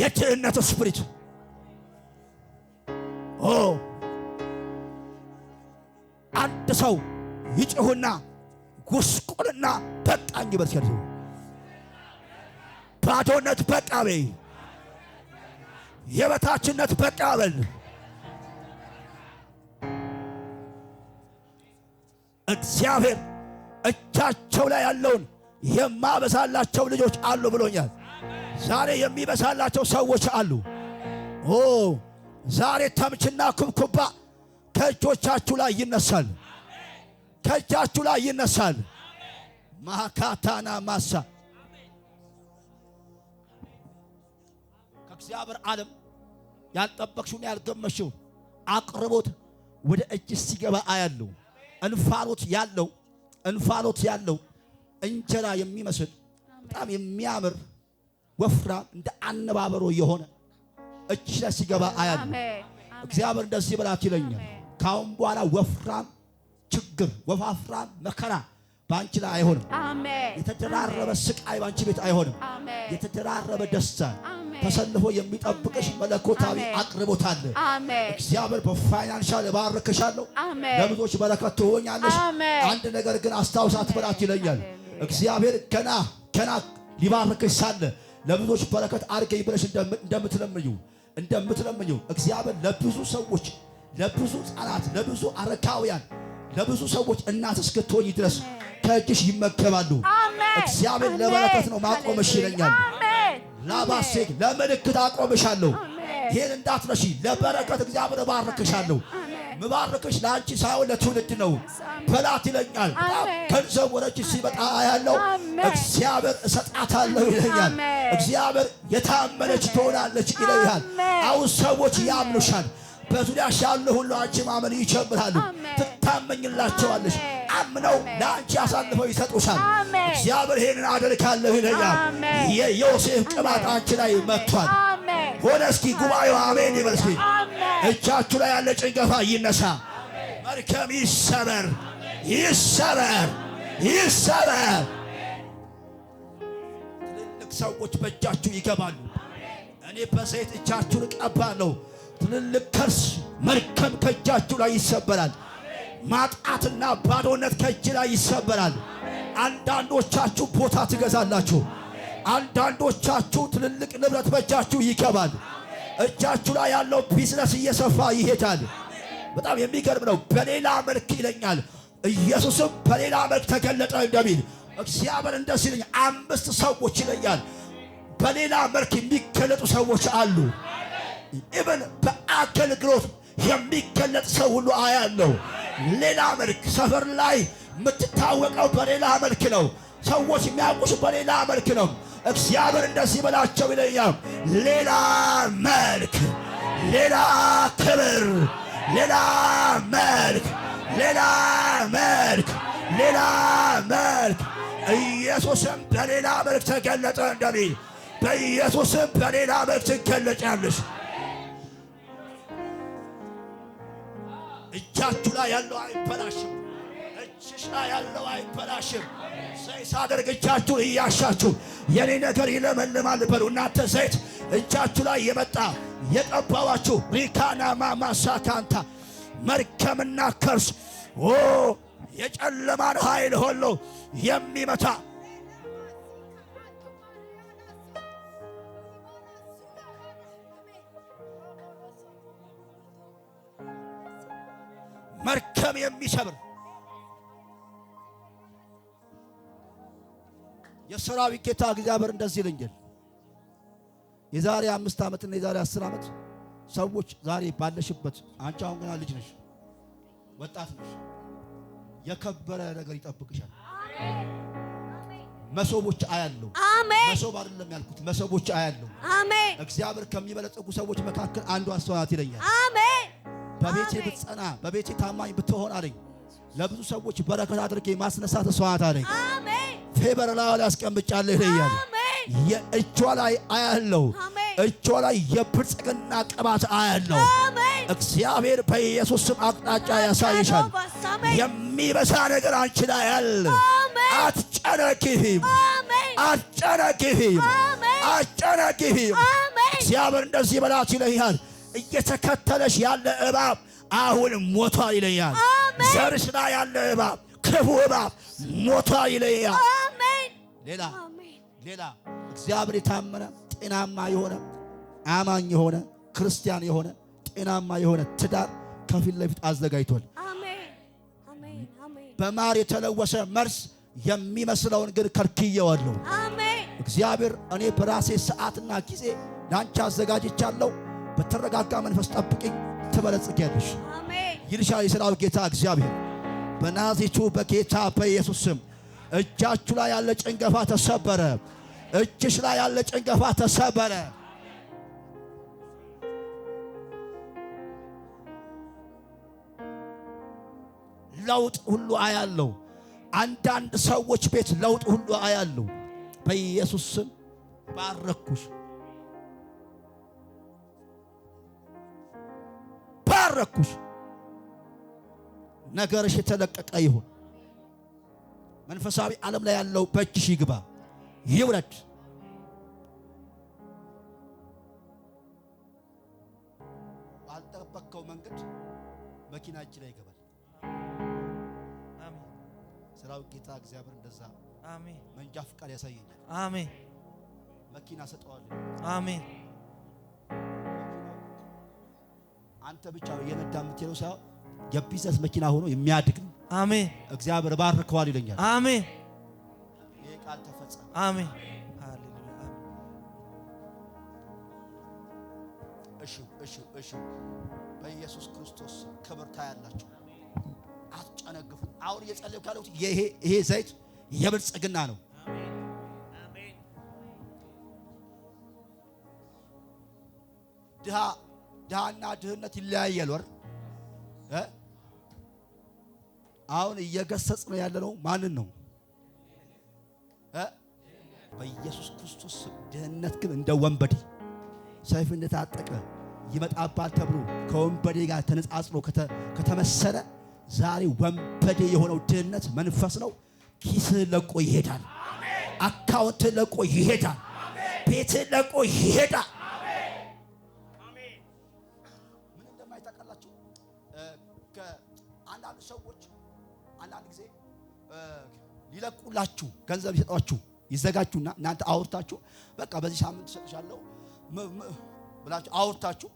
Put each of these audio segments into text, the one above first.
የድህነት ስፕሪት አንድ ሰው ይጭሁና ጉስቁልና በቃኝ በል ሲያል ባዶነት በቃ በይ፣ የበታችነት በቃ በል። እግዚአብሔር እጃቸው ላይ ያለውን የማበዛላቸው ልጆች አሉ ብሎኛል። ዛሬ የሚበሳላቸው ሰዎች አሉ። ኦ ዛሬ ተምችና ኩብኩባ ከእጆቻችሁ ላይ ይነሳል። ከእጃችሁ ላይ ይነሳል። ማካታና ማሳ ከእግዚአብሔር ዓለም ያልጠበቅሽውን ያልገመሽው አቅርቦት ወደ እጅ ሲገባ አያለው። እንፋሎት ያለው እንፋሎት ያለው እንጀራ የሚመስል በጣም የሚያምር ወፍራም እንደ አነባበሮ የሆነ እጅ ላይ ሲገባ አያል እግዚአብሔር ደስ ይበላችሁ ይለኛል። ካሁን በኋላ ወፍራም ችግር፣ ወፋፍራም መከራ ባንቺ ላይ አይሆንም። የተደራረበ ስቃይ ባንቺ ቤት አይሆንም። የተደራረበ ደስታ ተሰልፎ የሚጠብቅሽ መለኮታዊ አቅርቦት አለ። እግዚአብሔር በፋይናንሻል እባርክሻለሁ፣ ለብዙዎች በረከት ትሆኛለሽ። አንድ ነገር ግን አስታውሳት በላት ይለኛል። እግዚአብሔር ገና ገና ሊባርክሽ ሳለ ለብዙዎች በረከት አድርገኝ ብለሽ እንደምትለምኙ እንደምትለምኙ እግዚአብሔር ለብዙ ሰዎች ለብዙ ሕፃናት ለብዙ አረካውያን ለብዙ ሰዎች እናት እስክትሆኝ ድረስ ከእጅሽ ይመገባሉ። እግዚአብሔር ለበረከት ነው ማቆምሽ ይለኛል። ላባሴግ ለምልክት አቆምሻለሁ። ይህን እንዳትነሺ፣ ለበረከት እግዚአብሔር እባርክሻለሁ። ምባረክሽ ለአንቺ ሳይሆን ለትውልድ ነው። በላት ይለኛል። ገንዘብ ወደ ሲመጣ ያለው እግዚአብሔር እሰጣታለሁ ይለኛል። እግዚአብሔር የታመነች ትሆናለች ይለኛል። አሁን ሰዎች ያምኑሻል። በዙሪያሽ ያለ ሁሉ አንቺ ማመን ይጀምራሉ። ትታመኝላቸዋለች። አምነው ለአንቺ አሳልፈው ይሰጡሻል። እግዚአብሔር ይህንን አደርጋለሁ ይለኛል። የዮሴፍ ቅባት አንቺ ላይ መጥቷል። ሆነ። እስኪ ጉባኤው አሜን ይበል። እስኪ እጃችሁ ላይ ያለ ጭንገፋ ይነሳ፣ መርከም ይሰበር፣ ይሰበር፣ ይሰበር። ትልልቅ ሰዎች በእጃችሁ ይገባሉ። እኔ በዘይት እጃችሁን ቀባለሁ። ትልልቅ ከርስ መርከም ከእጃችሁ ላይ ይሰበራል። ማጣትና ባዶነት ከእጅ ላይ ይሰበራል። አንዳንዶቻችሁ ቦታ ትገዛላችሁ። አንዳንዶቻችሁ ትልልቅ ንብረት በእጃችሁ ይገባል። እጃችሁ ላይ ያለው ቢዝነስ እየሰፋ ይሄዳል። በጣም የሚገርም ነው። በሌላ መልክ ይለኛል ኢየሱስም በሌላ መልክ ተገለጠ እንደሚል እግዚአብሔር እንደዚህ ይለኛል። አምስት ሰዎች ይለኛል በሌላ መልክ የሚገለጡ ሰዎች አሉ። ኢቨን በአገልግሎት የሚገለጥ ሰው ሁሉ አያለው። ሌላ መልክ ሰፈር ላይ የምትታወቀው በሌላ መልክ ነው። ሰዎች የሚያውቁሽ በሌላ መልክ ነው። እግዚአብሔር እንደዚህ በላቸው ይለኛል። ሌላ መልክ፣ ሌላ ክብር፣ ሌላ መልክ፣ ሌላ መልክ፣ ሌላ መልክ። ኢየሱስም በሌላ መልክ ተገለጠ እንደሚል በኢየሱስም በሌላ መልክ ትገለጫለሽ። እጃችሁ ላይ ያለው አይበላሽም። ሽሻ ያለው አይበላሽም። ዘይት ሳደርግ እጃችሁን እያሻችሁ የኔ ነገር ይለመልማል በሉ። እናንተ ዘይት እጃችሁ ላይ የመጣ የቀባዋችሁ ሪካና ማማሳካንታ መርከምና ከርስ ኦ የጨለማን ኃይል ሆሎ የሚመታ መርከም የሚሰብር የሰራዊት ጌታ እግዚአብሔር እንደዚህ ይለኛል። የዛሬ አምስት ዓመትና የዛሬ አስር ዓመት ሰዎች ዛሬ ባለሽበት፣ አንቺ አሁን ገና ልጅ ነሽ፣ ወጣት ነሽ። የከበረ ነገር ይጠብቅሻል። መሶቦች አያለሁ አሜን። መሶብ አይደለም ያልኩት፣ መሶቦች አያለሁ አሜን። እግዚአብሔር ከሚበለጽጉ ሰዎች መካከል አንዱ አስተዋት ይለኛል። አሜን። በቤቴ ብትጸና፣ በቤቴ ታማኝ ብትሆን አለኝ። ለብዙ ሰዎች በረከት አድርጌ ማስነሳት ሰዋት አለኝ። ፌበር ላይ ያስቀምጫለሁ ይለኛል። የእጇ ላይ አያለው፣ እጇ ላይ የብልጽግና ቅባት አያለው። እግዚአብሔር በኢየሱስ አቅጣጫ ያሳይሻል። የሚበሳ ነገር አንቺ ላይ ያለ አትጨነቂም፣ አትጨነቂም፣ አትጨነቂም። እግዚአብሔር እንደዚህ በላት ይለኛል። እየተከተለሽ ያለ እባብ አሁን ሞቷል ይለኛል። ዘርሽ ላይ ያለ እባብ ክፉ እባብ ሞቷል ይለኛል። ሌላ ሌላ እግዚአብሔር የታመነ ጤናማ የሆነ አማኝ የሆነ ክርስቲያን የሆነ ጤናማ የሆነ ትዳር ከፊት ለፊት አዘጋጅቷል። በማር የተለወሰ መርስ የሚመስለውን ግን ከልክየዋለሁ። እግዚአብሔር እኔ በራሴ ሰዓትና ጊዜ ለአንቺ አዘጋጅቻለሁ። በተረጋጋ መንፈስ ጠብቅኝ ትበለጽጊያለሽ ይልሻል የሰራዊት ጌታ እግዚአብሔር በናዚቱ በጌታ በኢየሱስ ስም እጃችሁ ላይ ያለ ጭንገፋ ተሰበረ። እጅሽ ላይ ያለ ጭንገፋ ተሰበረ። ለውጥ ሁሉ አያለው። አንዳንድ ሰዎች ቤት ለውጥ ሁሉ አያለው። በኢየሱስ ስም ባረኩሽ፣ ባረኩሽ። ነገርሽ የተለቀቀ ይሁን። መንፈሳዊ ዓለም ላይ ያለው በእጅሽ ይግባ ይውረድ። ባልጠበቅከው መንገድ መኪና እጅ ላይ ይገባል። ስራው ጌታ እግዚአብሔር እንደዛ መንጃ ፍቃድ ያሳየኛል። አሜን። መኪና ሰጠዋለሁ። አሜን። አንተ ብቻ የነዳ የምትለው ሳይሆን የቢዝነስ መኪና ሆኖ የሚያድግ ነው። አሜን። እግዚአብሔር ባርከዋል ይለኛል። አሜን። ይህ ቃል ተፈጸመ። አሜን። እሺ፣ እሺ፣ እሺ። በኢየሱስ ክርስቶስ ክብር ታያላችሁ። አትጨነግፉ። አሁን እየጸለይኩ ያለሁት ይሄ ዘይት የብልጽግና ነው። ድሃ ድሃና ድህነት ይለያያል። ወር አሁን እየገሰጽ ነው ያለነው ማንን ነው? በኢየሱስ ክርስቶስ ድህነት ግን እንደ ወንበዴ ሰይፍ እንደታጠቀ ይመጣባል ተብሎ ከወንበዴ ጋር ተነጻጽሎ ከተመሰለ ዛሬ ወንበዴ የሆነው ድህነት መንፈስ ነው። ኪስህ ለቆ ይሄዳል። አካውንት ለቆ ይሄዳል። ቤትህ ለቆ ይሄዳል። ይለቁላችሁ፣ ገንዘብ ይሰጧችሁ፣ ይዘጋችሁና እናንተ አውርታችሁ በቃ በዚህ ሳምንት እሰጥሻለሁ ብላችሁ አውርታችሁ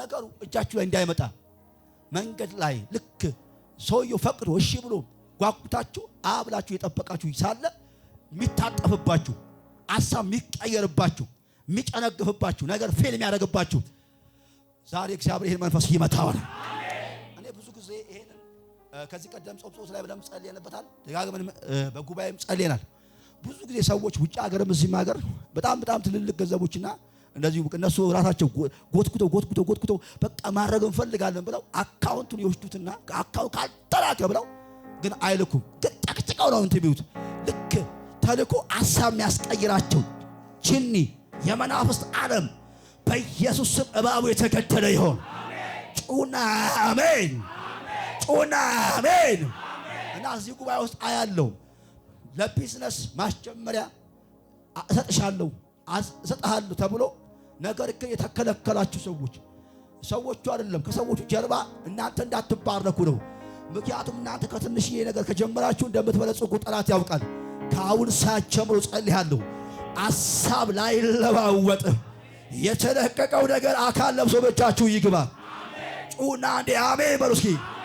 ነገሩ እጃችሁ ላይ እንዳይመጣ መንገድ ላይ ልክ ሰውየው ፈቅዶ እሺ ብሎ ጓጉታችሁ አብላችሁ የጠበቃችሁ ሳለ የሚታጠፍባችሁ አሳብ የሚቀየርባችሁ የሚጨነግፍባችሁ ነገር ፌል የሚያደርግባችሁ ዛሬ እግዚአብሔር ይህን መንፈስ ይመታዋል። እኔ ብዙ ጊዜ ይሄን ከዚህ ቀደም ጾም ጾም ላይ በደንብ ጸልየንበታል። ደጋግመን በጉባኤም ጸልየናል። ብዙ ጊዜ ሰዎች ውጭ ሀገርም እዚህም ሀገር በጣም በጣም ትልልቅ ገንዘቦችና እንደዚሁ እነሱ ራሳቸው ጎትጉተው ጎትጉተው ጎትጉተው በቃ ማድረግ እንፈልጋለን ብለው አካውንቱን ይወስዱትና አካውንት ካልተላከ ብለው ግን አይልኩም። ግን ጠቅጥቀው ነው እንትን ቢሉት ልክ ተልኮ አሳብ የሚያስቀይራቸው ችኒ የመናፍስት ዓለም በኢየሱስ ስም እባቡ የተገደለ ይሆን ጩና አሜን። ጩና አሜን። እና እዚህ ጉባኤ ውስጥ አያለው ለቢዝነስ ማስጀመሪያ እሰጥሻለሁ እሰጥሃለሁ ተብሎ ነገር ግን የተከለከላችሁ ሰዎች ሰዎቹ አይደለም ከሰዎቹ ጀርባ እናንተ እንዳትባረኩ ነው። ምክንያቱም እናንተ ከትንሽዬ ነገር ከጀመራችሁ እንደምትበለጽጉ ጠላት ያውቃል። ከአሁን ሰዓት ጀምሮ ጸልያለሁ። አሳብ ላይለዋወጥ የተለቀቀው ነገር አካል ለብሶ በእጃችሁ ይግባ። ጩና እንዴ አሜን በሉ እስኪ።